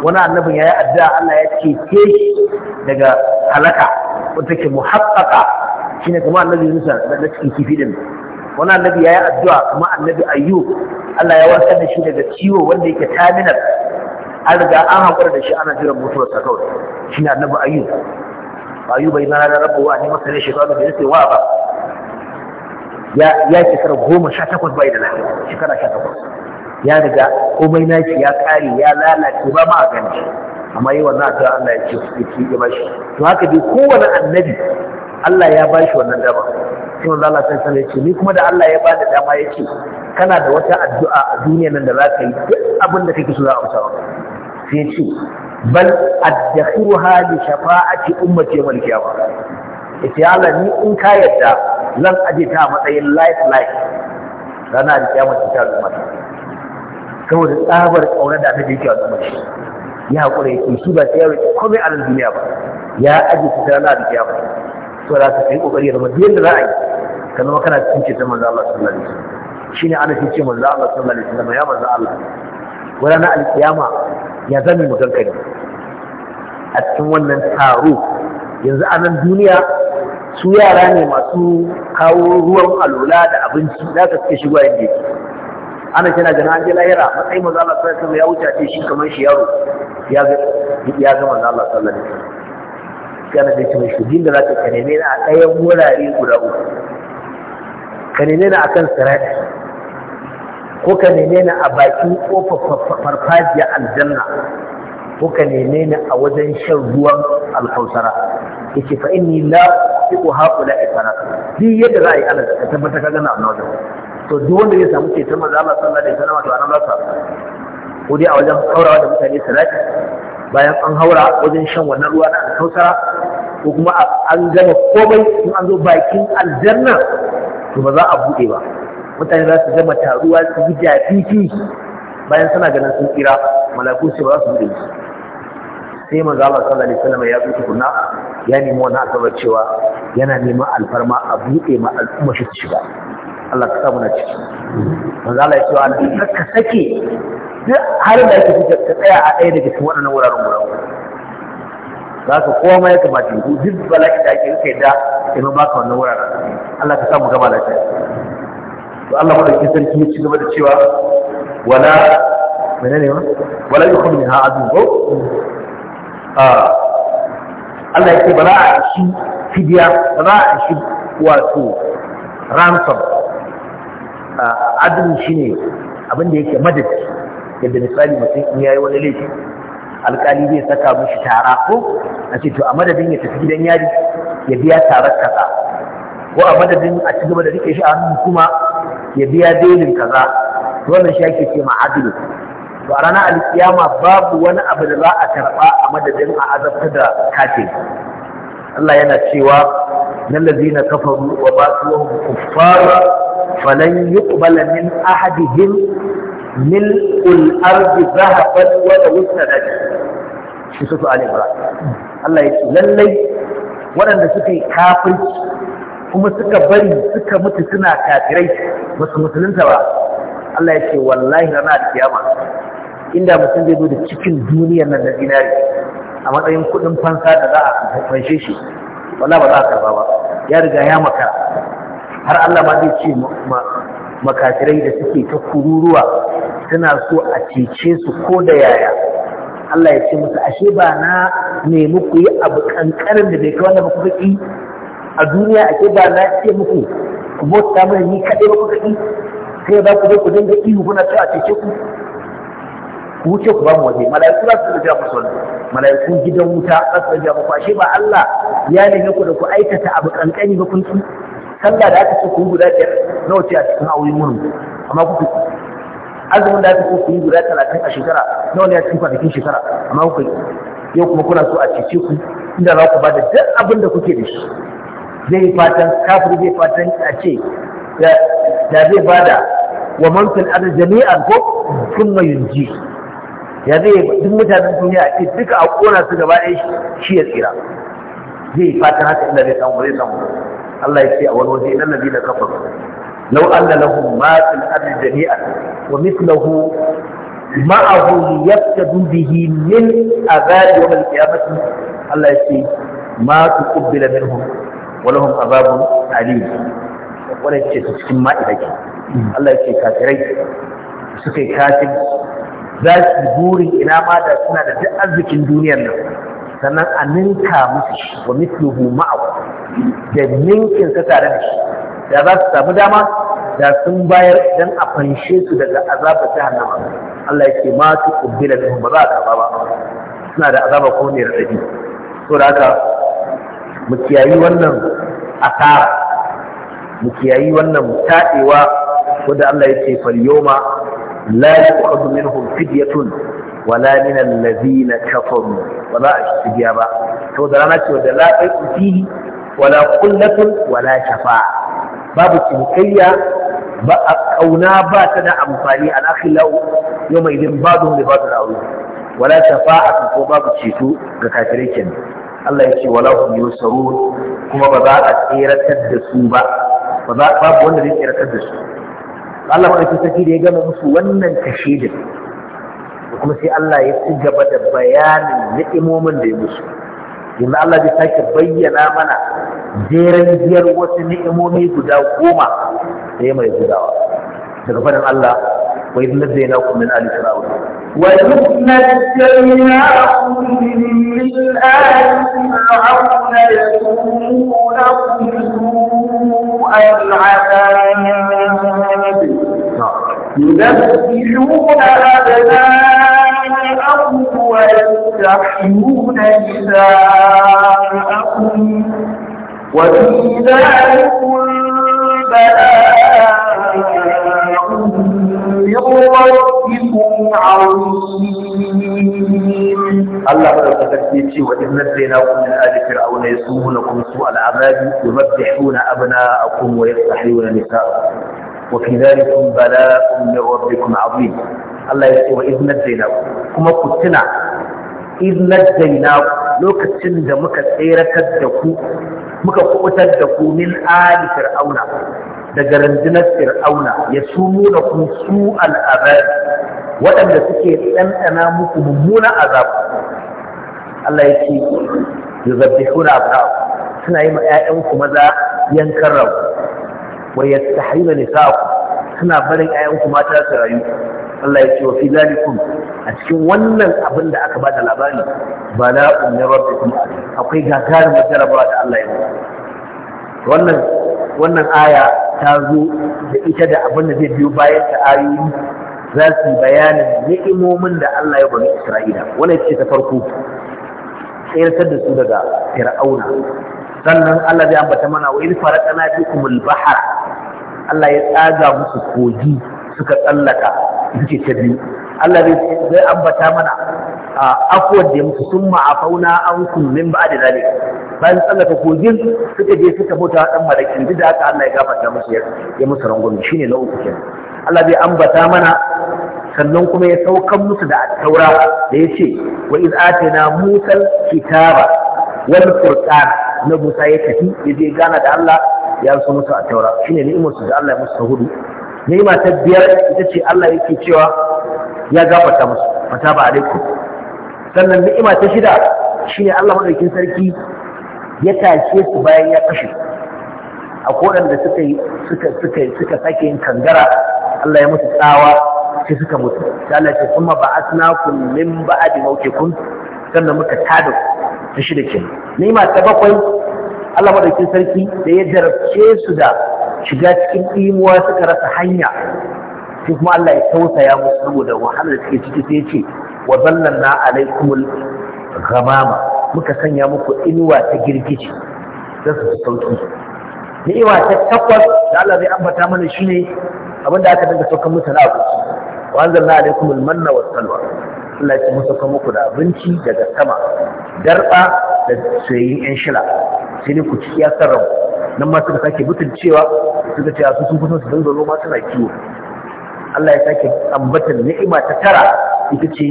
wani annabin yayi addu'a Allah ya cece shi daga halaka wata ke muhaqqaqa shine kamar annabi Musa da cikin kifi din wani annabi ya yi addu'a kuma annabi ayyub Allah ya warkar da shi daga ciwo wanda yake terminal an riga an haƙura da shi ana jiran mutuwar sa kawai shi ne annabi ayyub ayyub bai na da rabuwa ne masa ne shekaru da ce wa ba ya ya shekara goma sha takwas bai da lafiya shekara sha takwas ya riga komai na nashi ya kare ya lalace ba ma a gani shi amma yi wannan ta Allah ya ce ya ci ya bashi to haka dai kowane annabi Allah ya bashi wannan dama sai wanda Allah sai sai ya ce ni kuma da Allah ya bada dama ya ce kana da wata addu'a a duniya nan da za ka yi duk abin da kake so za a amsa maka sai ce bal addakhiruha li shafa'ati ummati yawm al-qiyamah ita Allah ni in ka yadda zan aje ta a matsayin life life rana da kiyama ta ta al'umma da tsabar kaunar da annabi yake al'umma shi ya hakura yake shi ba sai ya komai a duniya ba ya aje ta rana da kiyama to za ka kai kokari da madiyan da za a yi ka zama kana cikin ceton manzo Allah sallallahu alaihi wasallam shine ana cikin manzo Allah sallallahu alaihi wasallam ya manzo Allah ranar alkiyama ya zami mu ganka ne a cikin wannan taro yanzu a nan duniya su yara ne masu kawo ruwan alola da abinci za ka suke shigo yadda yake ana kina gana an je lahira matsayin maza Allah sallallahu alaihi wasallam ya wuce ce shi kamar shi yaro ya ga ya ga manzo Allah sallallahu alaihi wasallam kana da cewa shi da zaka ka neme na a ɗayan wurare guda uku ka neme na akan sirati ko ka neme ni a bakin kofar farfajiya aljanna ko ka neme ni a wajen shan ruwan alkausara yace fa inni la usiku haula ikara duk yadda za a yi ana ka tabbata ka gana a wajen to duk wanda ya samu ceton manzo Allah sallallahu alaihi wasallam to anan ba sa ko dai a wajen haurawa da mutane salati bayan an haura wajen shan wannan ruwa na alkausara ko kuma an gama komai in an zo bakin aljanna to ba za a buɗe ba mutane za su zama taruwa su yi jafifi bayan suna ganin sun tsira malaku ce ba za su gudu su sai manzo Allah sallallahu alaihi wasallam ya zuci kunna ya nemi wani asabar cewa yana neman alfarma a buɗe ma al'umma shi shiga Allah ka samu na ciki manzo Allah ya ce wa ka sake duk har da yake fita ka tsaya a ɗaya daga cikin waɗannan wuraren wuraren za ka kowa ma ya kamata duk bala'i da ake rike da ba ka wannan wuraren Allah ka samu gaba lafiya to Allah madaukakin sarki ya ci gaba da cewa wala menene wa wala yukhmi ha adugo ah Allah ya yake bala a shi fidiya bala a shi wato ransom ah, adin ne abin da yake madadi yadda misali mutum in yayi wani laifi alkali zai saka mishi tara ko a ce to a madadin ya tafi gidan yari ya biya tarar kaza ko a madadin a ci gaba da rike shi a hannun kuma ya biya belin kaza wannan shi ake ce ma'adilu to a ranar alkiyama babu wani abu da za a karɓa a madadin a azabta da kafin Allah yana cewa na lazina kafaru wa ba su wahun kuffara falan yi min ahadihim mil ul'arzi zahaban wata wuta da shi su su Allah ya lallai waɗanda suka yi kafirci kuma suka bari suka mutu suna kafirai masu musulunta ba Allah ya ce wallahi rana da kiyama inda mutum zai zo da cikin duniyar nan da zinari a matsayin kuɗin fansa da za a fanshe shi wallahi ba za a karba ba ya riga ya maka har Allah ma zai ce makafirai da suke ta kururuwa suna so a cece su ko da yaya Allah ya ce musu ashe ba na nemi ku yi abu kankarin da bai kawo wanda ba ku ki a duniya a ke ba na ce muku ku bauta mai ni kaɗai ba ku yi sai za ku zai ku dinga ihu kuna ta a cece ku ku wuce ku ba mu waje mala'iku za su a musu wannan mala'iku gidan wuta za su gaya muku ashe ba Allah ya nemi ku da ku aikata abu kankani ba kun ci sallah da aka ce ku guda biyar nawa ce a cikin aure murmu amma ku ku azumin da aka ce ku guda talatin a shekara nawa ne a cikin kwanakin shekara amma ku yau kuma kuna so a cece ku inda za ku ba da duk abin da kuke da shi zai fatan kafir zai fatan a ce da zai bada wa man fil jami'ar ko thumma yunji ya zai duk mutanen duniya a ce duka a kona su gaba ɗaya shi ya tsira zai fatan haka inda zai samu zai samu Allah ya ce a wani waje nan nabi da kafar law anna lahum ma fil ardi jami'an wa mithluhu ma'ahu yaftadu bihi min azab yawm al-qiyamah Allah ya ce ma tuqbila minhum walahum azabun alim wanda cikin ma'ida ke Allah yake kafirai suka yi kafin za su burin ina mata suna da duk arzikin duniyar nan sannan a ninka musu shi wa mithluhu ma'ahu da ninkin sa tare da shi da za su samu dama da sun bayar dan a fanshe su daga azabar jahannama Allah da ba za ba suna da azaba ko ne radadi mu kiyayi wannan asara mu kiyayi wannan taɗewa wanda Allah ya ce falyoma, yawma la yu'khadhu minhum fidyatun wala min allazina kafaru ba za a ci fidiya ba saboda rana ce wanda la bai'u fihi wala qullatun wala shafa. babu cinikayya ba a kauna ba ta da amfani al akhilau yawma idin ba'dhum li ba'd al wala shafa'a ko babu ceto ga kafirai kenan Allah ya ce wala hum yusarun kuma ba za a tseratar da su ba ba za babu wanda zai tseratar da su Allah ba ya saki da ya gama musu wannan kashedin kuma sai Allah ya ci gaba da bayanin ni'imomin da ya musu yanzu Allah zai sake bayyana mana jeren biyar wasu ni'imomi guda goma da ya mai gudawa daga fadin Allah وإذ نجيناكم من آل فرعون وإذ نجيناكم من آل فرعون سوء العذاب أبناءهم ويستحيون نساءهم وفي ذلكم عظيم الله بركتك يتي وإذ نسيناكم من آل فرعون يسومونكم سوء العذاب يمدحون أبناءكم ويستحيون نساءكم وفي ذلك بلاء من ربكم عظيم الله يتي وإذ نسيناكم كما كنتنا إذ نسيناكم lokacin da muka tseratar da ku muka kubutar da ku min ali fir'auna daga rundunar fir'auna ya sumu da ku su al'abari waɗanda suke ɗanɗana muku mummunan azab Allah ya ce yuzabbihuna abna'u suna yi ma 'ya'yanku maza yankan rabu wa yastahina nisa'u suna barin 'ya'yanku mata su rayu Allah ya ce wa fi zalikum a cikin wannan abin da aka bada labari bala'un min rabbikum akwai gagarumin jarabawa da Allah ya yi wannan aya ta zo da ita da abin da zai biyo bayan ta ayoyi za su bayanin ni'imomin da Allah ya bani Isra'ila wannan ce ta farko tsayar da su daga fir'auna sannan Allah zai ambata mana wa in farqana bikum al-bahra Allah ya tsaga musu kogi suka tsallaka suke ta biyu Allah zai ambata mana a afuwar da musu sun ma'afauna an kun min ba da zalik bayan tsallaka kogin suka je suka mutu dan malakin duk da haka Allah ya gafarta musu ya musu rangwame shine na uku kenan Allah bai ambata mana sannan kuma ya saukan musu da taura da ya ce wa iz atina musal kitaba wal furqan na Musa ya tafi ya je gana da Allah ya so musu a taura shine ni'imar su da Allah ya musu hudu ni'ima ta biyar ita ce Allah yake cewa ya gafarta musu fata ba alaikum sannan ni'ima ta shida shine Allah madaukin sarki ya tashe su bayan ya kashe a kodan da suka suka suka suka sake yin kangara Allah ya mutu tsawa sai suka mutu sai Allah ce kuma kun min ba'di kun? sannan muka tada ta shi da ke ma ta bakwai Allah madaukin sarki da ya jarabce su da shiga cikin imuwa suka rasa hanya sai kuma Allah ya tausaya musu saboda wahalar da suke ciki sai ya ce wa zallanna alaikumul ghamama muka sanya muku inuwa ta girgije da su sauki ni'ima ta takwas da Allah zai ambata mana shine abinda aka dinga saukan musu na abinci wa anzalna alaikum almanna Allah ya musaka muku da abinci daga sama darba da tsayin yan shila sai ne ku ci ya sarra nan ma suka sake mutuncewa suka ce su sun fito su dinga noma suna kiwo Allah ya sake ambatan ni'ima ta tara ita ce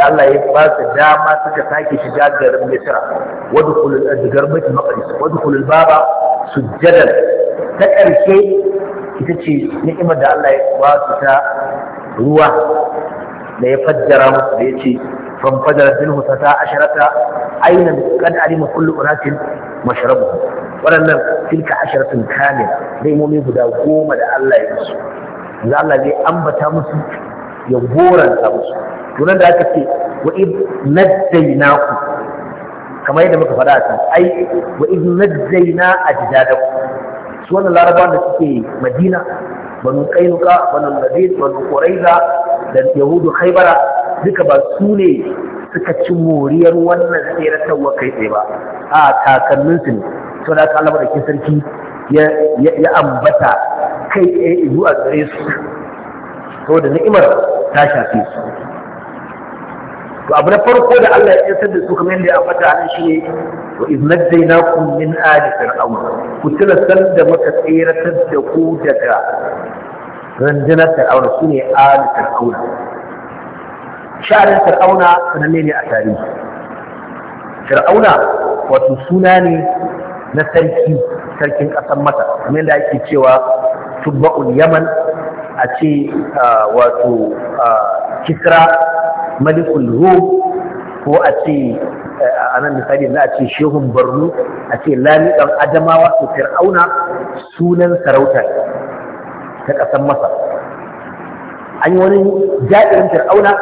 da Allah ya ba su dama suka sake shiga garin Misra wadkhulul adgar maqdis wadkhulul baba sujjadan ta ƙarshe ita ce ni'imar da Allah ya ba su ta ruwa da ya fajjara musu da ya ce fan fajjara minhu sata asharata aynan qad alima kullu unasin mashrabuhum waɗannan tilka asharatun kamil ni'imomi guda goma da Allah ya musu da Allah zai ambata musu ya goranta musu to nan da aka ce wa id nadainaku kamar yadda muka faɗa a can ai wa id nadaina ajdadakum su wannan laraba da suke madina banu kainuka banu nadir banu quraiza da yahudu haibara duka ba su ne suka ci moriyar wannan tseratarwa kai tsaye ba a kakanninsu ne sau da aka alama da sarki ya ambata kai tsaye zuwa gare su saboda ni'imar ta shafe su to abu na farko da Allah ya san da su kamar yadda ya fata nan shi ne wa iznajjaynakum min ali fir'aun ku tilasar da muka tseratar da ku daga rundunar fir'auna shine ali fir'auna sha'anin fir'auna sananne ne a tarihi fir'auna wato suna ne na sarki sarkin ƙasar mata kamar yadda ake cewa tubba'ul yaman a ce wato kisra malikul rum ko a ce eh, a nan misali za a ce shehun barnu a ce lamiɗan adamawa to fir'auna sunan sarautar ta ƙasar masa an yi wani jaɗirin fir'auna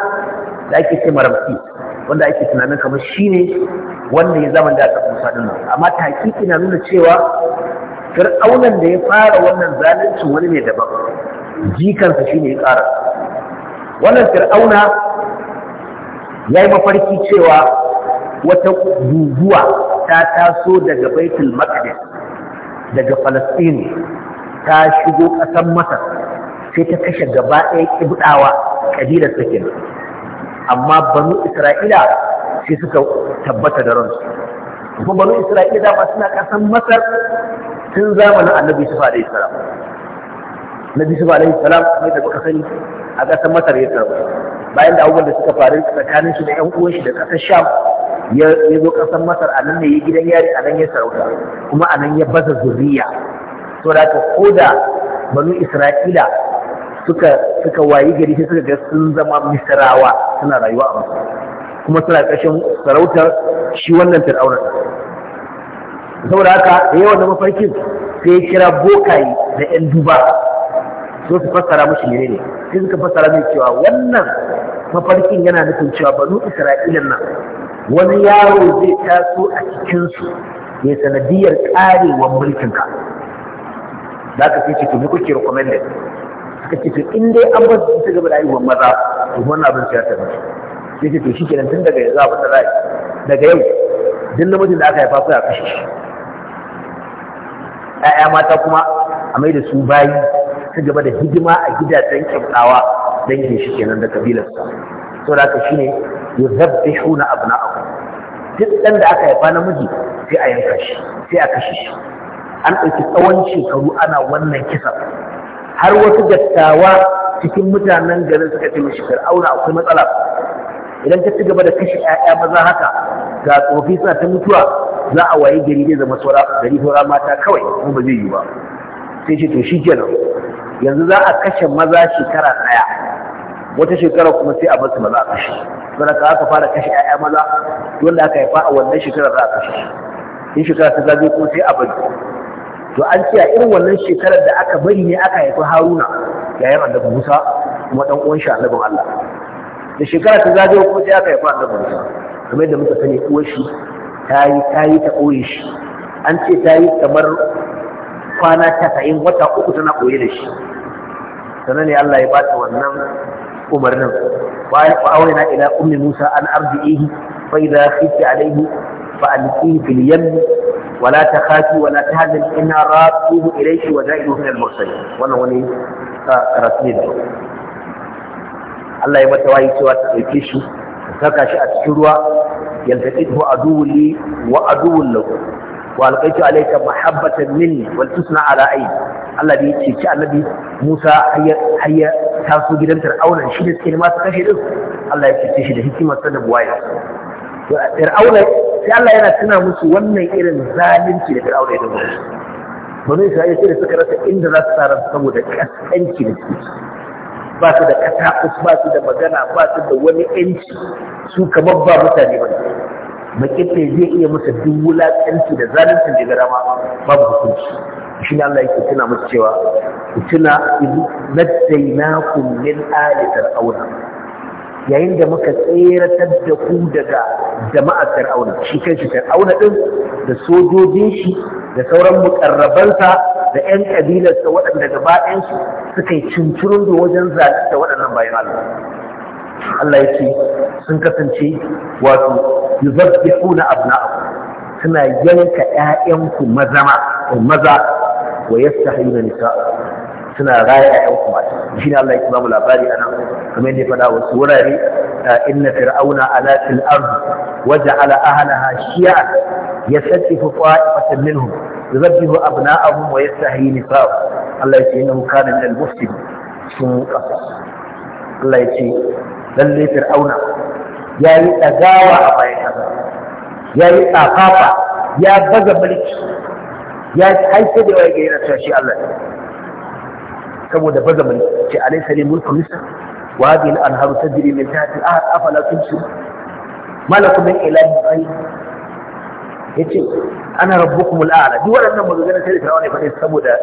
da ake ce maramfi wanda ake tunanin kamar shi ne wanda ya zama da aka kusa ɗin amma ta hakiki na nuna cewa fir'aunan da ya fara wannan zalunci wani ne daban jikansa shi ne ya ƙara wannan fir'auna ya yi mafarki cewa wata guguwa ta taso daga baitul maqdis daga falastini ta shigo ƙasar masar sai ta kashe gaba ɗaya ƙibɗawa ƙabilar sakin amma banu isra'ila sai suka tabbata da ransu kuma banu isra'ila dama suna ƙasar masar tun zamanin annabi su alaihi salam na bisu alaihi salam kamar da kuka sani a ƙasar masar ya tsaro bayan da abubuwan da suka faru tsakanin su da 'yan uwan shi da ƙasar sham ya zo ƙasar masar a nan ne ya gidan yari a nan ya sarauta kuma a nan ya baza zuriya to da ka ko da banu isra'ila suka suka wayi gari sai suka ga sun zama misrawa suna rayuwa a masar kuma suna ƙarshen sarautar shi wannan fir'aunar saboda haka da yawan da mafarkin sai ya kira bokaye da 'yan duba zo su fassara mushi ne. sai suka fassara mai cewa wannan mafarkin yana nufin cewa banu isra'ilan nan wani yaro zai taso a cikinsu ya sanadiyar karewar mulkinka za ka ce to ni kuke recommended suka ce to in dai an bar su ta gaba da aiwuwar maza to wannan abin sai ya tafi sai ce to shi kenan tun daga yanzu abin da za daga yau duk namijin da aka haifa ko ya kashe shi Ya'ya mata kuma a mai da su bayi ci gaba da hidima a gidajen kyautawa dangin shi kenan da kabilarsa to da shuna abu na abu, duk ɗan da aka haifa namiji sai a yanka shi sai a kashe shi an ɗauki tsawon shekaru ana wannan kisa har wasu dattawa cikin mutanen garin suka ce mishi fir'auna akwai matsala idan ka ci gaba da kashe 'ya'ya maza haka ga tsofi suna ta mutuwa za a waye gari zai zama saura gari mata kawai kuma ba zai yi ba sai ce to shi kenan yanzu za a kashe maza shekara ɗaya wata shekara kuma sai a basu maza a kashe saboda ka aka fara kashe 'ya'ya maza wanda aka haifa a wannan shekarar za a kashe in shekara ta zagaye kuma sai a bari to an ce a irin wannan shekarar da aka bari ne aka haifi haruna yayin annabi musa kuma dan uwan shi annabin allah da shekara ta zagaye kuma sai aka haifi annabi musa kamar yadda muka sani uwar shi ta yi ta yi ta ɓoye shi an ce ta yi kamar kwana ta tasa'in wata uku tana ɓoye da shi sanan ne Allah ya bata wannan umarnin wa awrina ila ummi Musa an ardihi fa idha khifti alayhi fa alqihi fil yam wa la takhafi wa la tahzan inna rabbuhu ilayki wa da'iru min al-mursalin wannan wani karatu ne Allah ya mata wayi cewa ta dauke shi ta saka shi a cikin ruwa yaltaqihu aduwwi wa aduwwun lahu wa alqaitu alayka mahabbatan minni wal tusna ala ayn Allah da ya ceci annabi Musa har ya taso gidan Fir'auna shi da suke nema su kashe din Allah ya cece shi da hikima sa da buwaye Fir'auna sai Allah yana tuna musu wannan irin zalunci da Fir'auna ya dawo Bani Isra'ila sai da suka rasa inda za su tsara saboda kaskanci da su ba su da katakus ba su da magana ba su da wani yanci su kamar ba mutane ba makirfe zai iya masa duk wulaƙanci da zalunci da gara ma babu hukunci shi ne Allah yake tuna musu cewa ku tuna idu naddainakum min ali fir'auna yayin da muka tseratar da ku daga jama'a fir'auna shi kanshi fir'auna din da sojojin shi da sauran mukarrabansa da ƴan kabilarsa waɗanda gaba ɗayansu suka yi cincirin da wajen zaɓi waɗannan bayan Allah Allah yake sun kasance wato na abna'akum suna yanka ƴaƴanku maza eh, maza wa yastahiyuna nisa suna raya ƴaƴanku mata shi ne Allah ya bamu labari anan kamar yadda ya faɗa wasu wurare inna fir'auna ala fil ard waja'ala ahlaha shi'a yastatifu qa'ifatan minhum yuzabbihu abna'ahum wa yastahi nisa. Allah ya ce innahu kana min al-mufsidin sun kafa Allah ya ce lalle fir'auna ya yi ɗagawa a bayan ƙasa ya yi ɗafafa, ya baza mulki ya haifar da yawa ga yana shi Allah saboda baza mulki ce alaysa li mulku misr wa hadhihi al-anharu tajri min tahti al-ard afala tumsir malakum min ilahin Ya ce, ana rabbukum kuma ala duk waɗannan maganganun sai Fir'aun wani faɗi saboda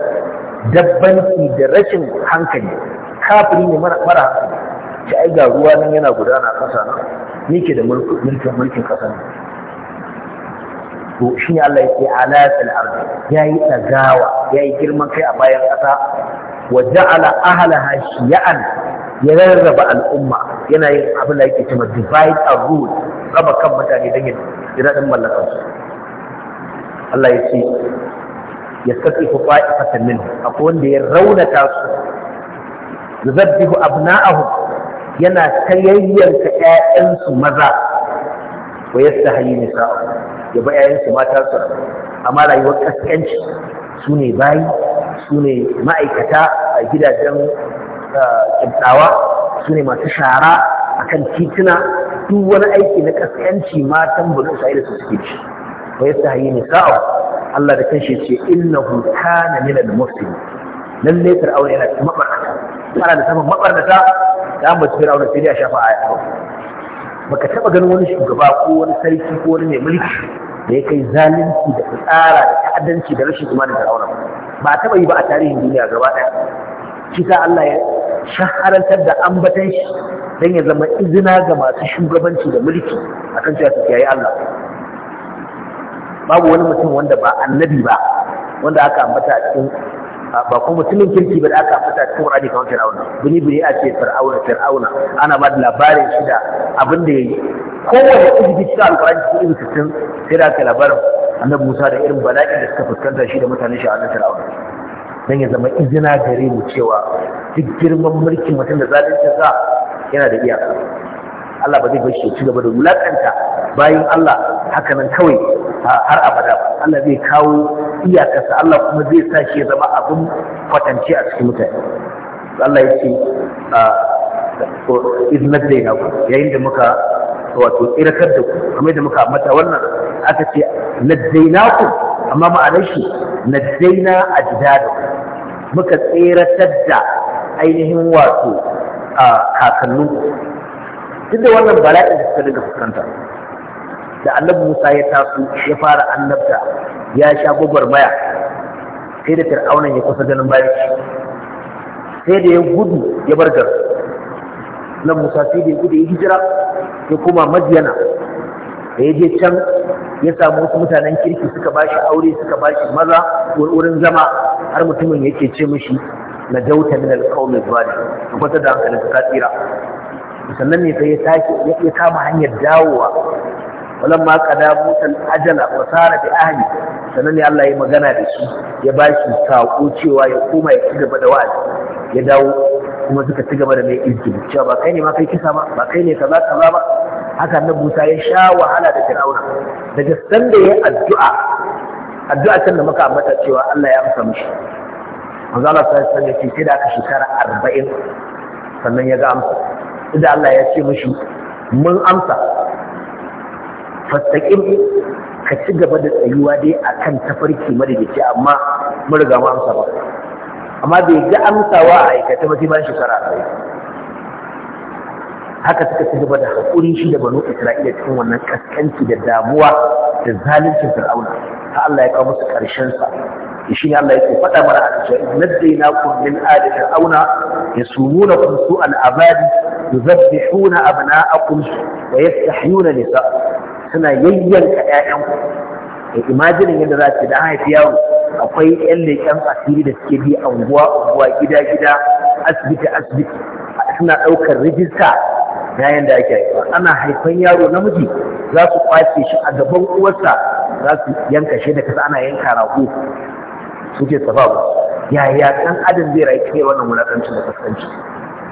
dabbanci da rashin hankali kafiri ne mara mara ta ai ga ruwa nan yana gudana kasa nan ni ke da mulkin mulkin kasar to shi ne Allah yake ala fil ardi yayi dagawa yayi girman kai a bayan kasa wa ja'ala ahlaha shi'an ya rarraba al'umma yana yin abin da yake cewa divide and rule raba kan mutane dan yin iradin mallakar su Allah ya ce ya saki ku fa'ifatan min akwai wanda ya raunata su yuzabbihu abna'ahum yana tayayyanka 'ya'yansu maza wa yastahi nisa'a ya ba 'ya'yansu mata su amma rayuwar ƙasƙanci su ne bayi su ne ma'aikata a gidajen kyautawa su ne masu shara akan tituna duk wani aiki na ƙasƙanci matan burin sa'ida su suke ci wa yastahi nisa'a Allah da kanshi ce innahu ne. Lallai mufsidin lalle fir'auna yana mabarnata ana da saman mabarnata da an bace fir'auna sai dai a shafa aya baka taba ganin wani shugaba ko wani sarki ko wani mai mulki da ya kai zalunci da tsara da ta'addanci da rashin da fir'auna ba a taba yi ba a tarihin duniya gaba ɗaya shi Allah ya shaharantar da ambatan shi don ya zama izina ga masu shugabanci da mulki a kan cewa su kiyaye Allah babu wani mutum wanda ba annabi ba wanda aka ambata a cikin ba ko mutumin kirki ba da aka fita cikin Qur'ani kamar Fir'auna bini bini a ce Fir'auna Fir'auna ana ba da labarin shi da abin da yayi kowace ibi cikin Al-Qur'ani cikin ibi cikin sai da labarin annabi Musa da irin Bala'i da suka fuskanta shi da mutanen shi a nan Fir'auna dan ya zama izina gare mu cewa duk girman mulkin mutum da zalunci sa yana da iyaka Allah ba zai bar shi ci gaba da wulakanta bayan Allah haka nan kawai har abada Allah zai kawo iyakarsa Allah kuma zai sa shi ya zama abin kwatance a cikin mutane Allah ya ce iznar da yana ku yayin da muka wato irakar da ku kamar da muka mata wannan aka ce naddaina ku amma ma'anar shi Na naddaina a jidada muka tseratar da ainihin wato kakannin ku duk da wannan bala'in da suka daga fuskanta da annabi Musa ya taso ya fara annabta ya sha gwagwarmaya sai da fir'aunan ya kusa ganin bayan shi. sai da ya gudu ya bar gar. nan musa sai da ya gudu ya hijira ya koma madiyana da ya je can ya samu wasu mutanen kirki suka ba shi aure suka ba shi maza wurin zama har mutumin yake ce mishi na dauta min alqawmi zuwadi ka kwata da hankalin ta tsira sannan ne sai ya ya kama hanyar dawowa walamma qada mutal ajala wa sara bi ahli sanan Allah ya magana da shi ya ba shi sako cewa ya koma ya ci gaba da wa'azi ya dawo kuma suka ci gaba da mai izini cewa ba kai ne ma kai kisa ba ba kai ne kaza kaza ba haka nan Musa ya sha wahala da Fir'auna daga sanda ya addu'a addu'a can da muka ambata cewa Allah ya amsa mishi manzo Allah sallallahu alaihi wasallam sai da aka shekara 40 sannan ya ga amsa idan Allah ya ce mishi mun amsa fastaƙin ka ci gaba da tsayuwa dai a kan tafarki madadici amma mariga ma amsa ba amma bai ga amsawa a aikata ba sai bayan shekara a haka suka ci gaba da haƙuri shi da banu isra'ila cikin wannan kaskanci da damuwa da zaluncin fir'auna ta Allah ya kawo musu ƙarshen sa shi ne Allah ya ce faɗa mana a cikin naddainakum min ali fir'auna yasumunakum su'al azabi yuzabbihuna abna'akum wa yastahyuna nisa suna yayyanka ƴaƴan ku da imajinin yadda za ce da haifi yaro akwai ƴan leƙen asiri da suke bi unguwa-unguwa, gida gida asibiti asibiti suna ɗaukar rijista na yanda ake haifa ana haifan yaro namiji za su kwace shi a gaban uwarsa za su yanka shi da kasa ana yanka rago suke sababu yaya ɗan adam zai rayu kai wannan wulaƙancin da kaskanci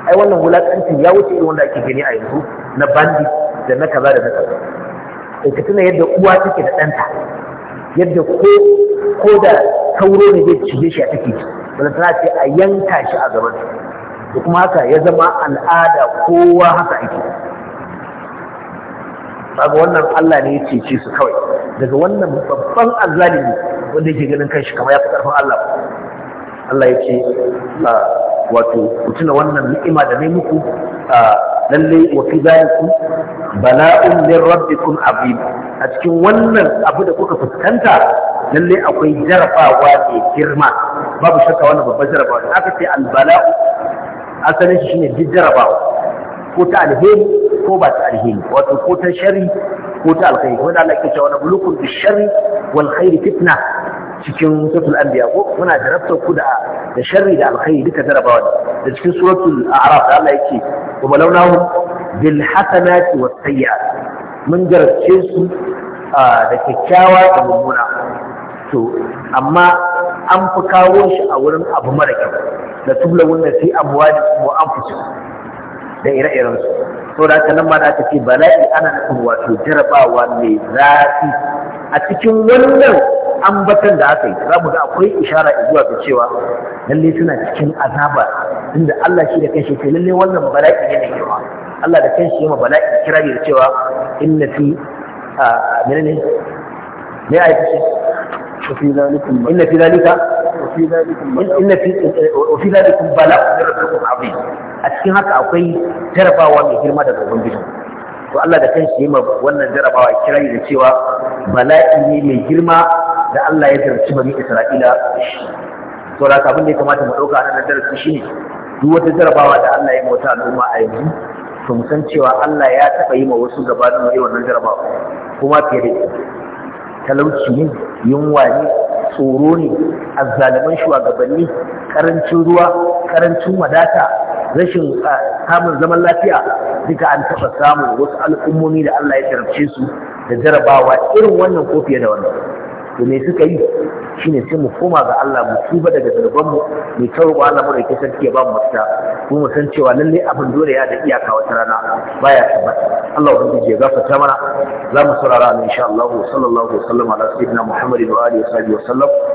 ai wannan wulakancin ya wuce irin wanda ake gani a yanzu na bandi da na kaza da na kaza ka tuna yadda uwa take da ɗanta yadda ko ko da sauro ne zai cije shi a take ji wanda tana ce a yanka shi a gaban da kuma haka ya zama al'ada kowa haka ake kaga wannan Allah ne ya cece su kawai daga wannan babban azzalimi wanda yake ganin kanshi kamar ya fi karfin Allah Allah ya ce ah, wato ku tuna wannan ni'ima da nayi muku ah, lalle wa fi zalikum bala'un min rabbikum azim a cikin wannan abu da kuka fuskanta lalle akwai jarabawa ne girma babu shakka wannan babban jarabawa ne aka ce balau asalin shi shine duk ko ta alheri ko ba ta alheri wato ko ta shari ko ta alkhairi wanda Allah ke cewa na bulukun bi Shari wal khairi fitna cikin suratul anbiya ko muna jarabtar ku da da sharri da alkhairi duka jarabawa da cikin suratul a'raf da Allah yake wa balawnahu bil hasanati was sayyi'at mun jarabce su da kyakkyawa da mummuna to amma an fi kawo shi a wurin abu mara kyau da tubla wanda sai abuwa ko an fi da ire-iren su to da nan ma da aka ce bala'i ana nufin wato jarabawa mai zafi a cikin wannan ambatan da aka yi za mu ga akwai ishara zuwa ga cewa lalle suna cikin azaba inda Allah shi da kanshi ce lalle wannan bala'i ne mai girma Allah da kanshi yana bala'i kirari da cewa inna fi a menene ne ayi ce fi zalikum inna fi zalika inna fi eh, eh, fi zalikum bala'u da rabbikum azim a cikin haka akwai jarabawa mai girma daga ubangiji to Allah da kanshi yana wannan jarabawa kirari da cewa bala'i ne mai girma da Allah ya zarci bani Isra'ila to da kafin da ya kamata mu dauka nan darasi ne. duk wata jarabawa da Allah ya mota al'umma a yanzu to mu san cewa Allah ya taba yi ma wasu gabanin mai wannan jarabawa kuma fiye da talauci ne yunwa ne tsoro ne azzalumin shugabanni karancin ruwa karancin wadata rashin samun zaman lafiya duka an taɓa samun wasu al'ummomi da Allah ya jarabce su da jarabawa irin wannan ko da wannan da me suka yi shi ne sai mu koma ga Allah mu tuba daga zarban mu mu ba Allah mu da ke sarki ba mu mafita kuma mu san cewa lalle abin dole ya da iyaka wata rana baya tabbata Allah ubangiji ya ta mana za mu saurara insha Allah sallallahu alaihi wa sallam ala sayyidina Muhammad wa alihi wa sallam